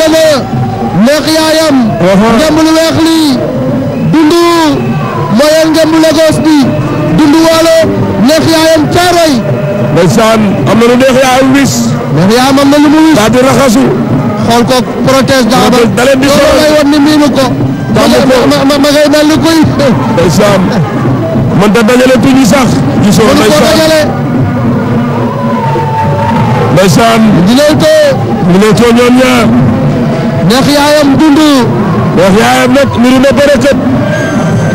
yëgle na ayam yaayam. ngemb dundu mooy ngemb Lagos bi dundu walo neex yaayam caaroy. ndeysaan am lu bis. yaayam wis. neex yaayam am lu wis. daa di raxasu. xool ko ba ma ngay kuy. man da dajale tuñu sax. neex yaayam dundu. neex yaayam nag niru na bëre tët.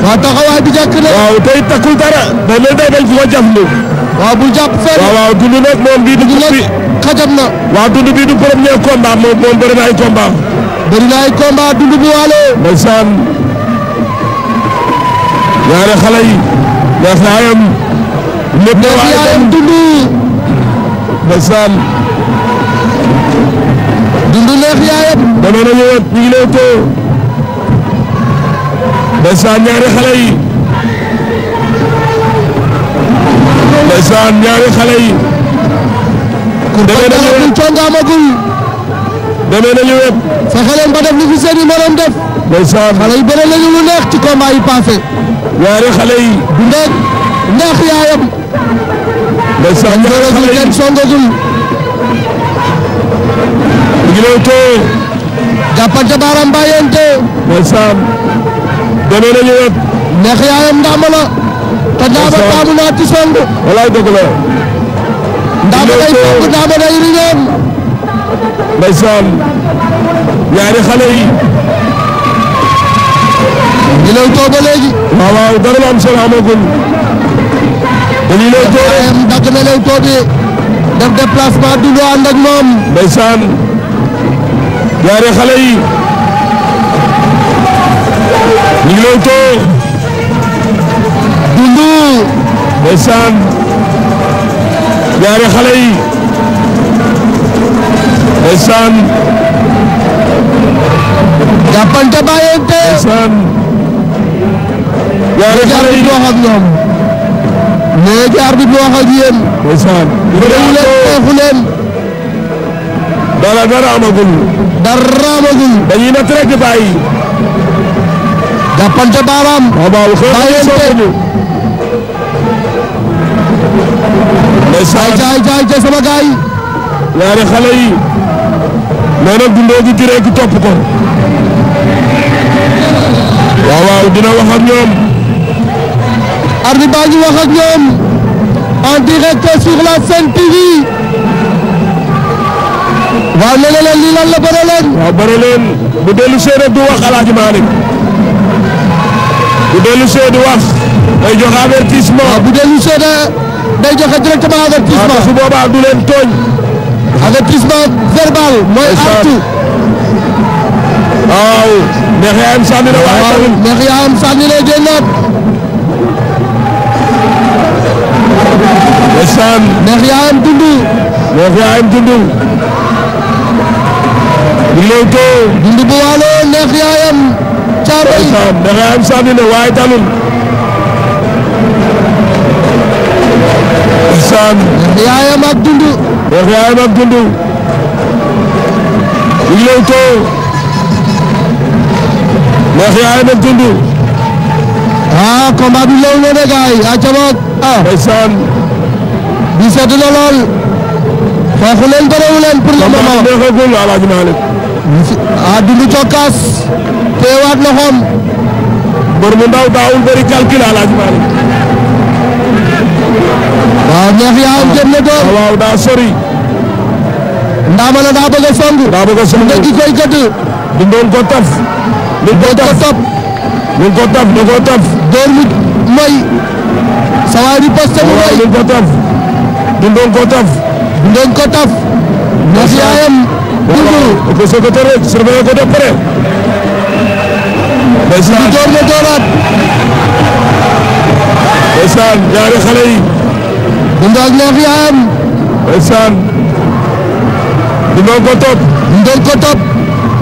waaw bi jàkk na. tey takkul dara. day mel day bañ jaf nii. waaw dundu nag moom bii du. dundu na. waaw dundu bii du premier combat moom moom bëri na ay combat. bëri dundu bu waale. ndeysaan. ñaari xale yi. neex yaayam. lépp neex yaayam dundu. dundu neex yaayam. dama na ñëwaat ñu ngi lay too ndeysaan ñaari xale yi ndeysaan ñaari xale yi. demee nañu wet ku conga amagul. demee nañu wet. fexe leen ba def li fi seen i moroom def. ndeysaan xale yi bëre nañu lu neex ci combat yi passé. ñaari xale yi. du ndeeg neex yaayam. ndeysaan ñaari xale yi ñu ngi lay too. jàppante baaraam bàyyante. ndeysaan. demee nañu wet. neex yaayam ndaama la. te ndaama taamu naa ci song. walaay dëgg la. ndaama day song ndaama day riñaan. ndeysaan. ñaari xale yi. ñu lay too ba léegi. waaw waaw dara la am solo amagul. dañuy lay too rek dagg na lay too bi def déplacement du lu ànd ak moom. ndeysaan. ñaari xale yi ñu ngi lay too dundu ndeysaan ñaari xale yi ndeysaan jàppante bàyyante ndeysaan ñaari xale yi wax ak ñoom mais jaar bi wax ak yéen ndeysaan ñu leen xeexu leen dara dara amagul. dara amagul. dañuy natt rek di bàyyi. jàppante baaraam. waaw waaw xëy na ñu sooguñu. ndeysaan jaay jaay jaay sama gaay yi. ñaari xale yi. mais nag dundoo gi giree gi topp ko. ñoom. arbitre baa ngi ñoom. en direct sur la Sen TV. waaw nee na leen lii leen. bu dellu see du wax El Hadj Malick bu dellu see wax day joxe avertissement. waaw bu dellu see day joxe directement avertissement. waaw su boobaa du leen tooñ. avertissement verbal. mooy artu. waaw. neex yaa am sànni la neex yaa am sànni la génnaat. ndeysaan. neex yaa am neex yaa dundu. di bu waalo neex yaayam. caaro yi da ngay waaye talul. neex yaayam ak dundu. neex yaayam ak dundu. ah combat bi lew na gaay a cabaat ah. isaan. bi sedd na lool. xeexu leen bërewu leen pour ah dundu cokkaas teewaat loxoom. mbër mu ndaw daawul bëri calcul alaaj Malick. waaw neex yaa am jëm na doon waaw daa sori. ndaama la daa bëgg a daa bëgg a song nga koy gëdd. du doon ko taf. du ko taf ko taf door mi mooy. sa waay mu mooy. du ko taf. du doon yaayam. il faut secrétaire surveiller ko de près. ndeysaan door na dooraat. ndeysaan ñaari xale yi. Ndongo ak Neex Yaan. ndeysaan. Ndongo ko topp. Ndongo ko topp.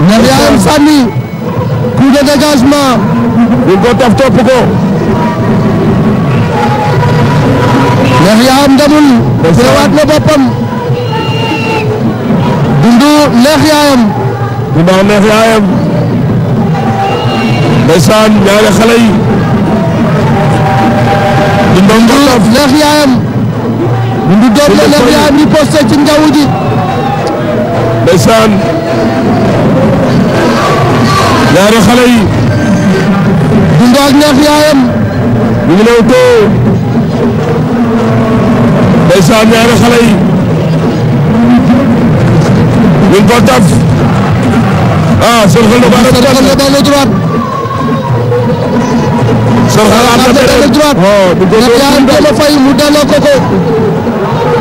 Neex Yaan sànni. coup de dégagement. ko topp topp ko. Neex Yaan demul. ndeysaan teewaat na boppam. dundu neex yaayam dundu neex yaayam ndeysaan ñaari xale yi dundu neex yaayam dundu doom la neex yaayam di posté ci njaww ji ndeysaan ñaari xale yi dundu ak neex yaayam ñu ngi lew too ndeysaan ñaari xale yi Will ko taf ah sorxal na baaraam droite sorxal am na benn droite oh du ko do fay mu delloo ko ko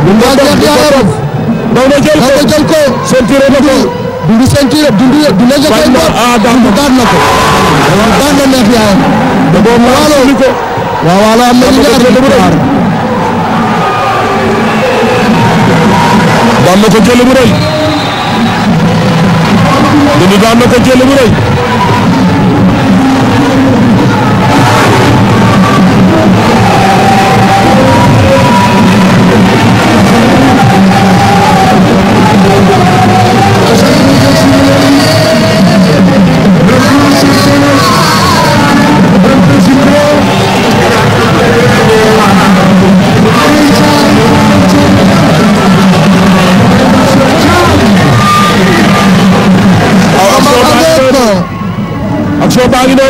bu nga jeex yaaram daw na jël ko daw na jël ko sentiré na ko du sentiré du du la jël ko ah daan na daan na ko daan na neex yaaram da do ma waalo ko waaw waalo am na ñaar daan na ko jël bu rëy Doudou daan na ko jël bu rëy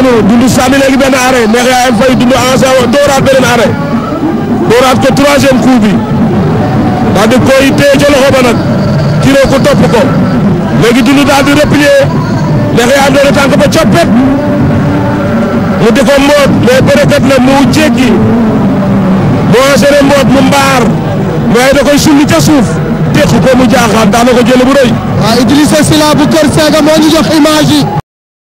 noonu dund sànni léegi benn arrêt fay dund en ce dooraat beneen arrêt dooraat ko troisième coup bi daal di koy téye ca loxo ba nag tiroo ko topp ko léegi dund daal di replier neex yaa am doon ba coppet mu di ko mboot mais bërëkkat la mu jéggi mu enchaîné mboot mu mbaar mais da koy sulli ca suuf teq ko mu jaaxaat daanaka jël bu rëy. waaw Idrissa Sila Kër Sega moo ñu jox image yi.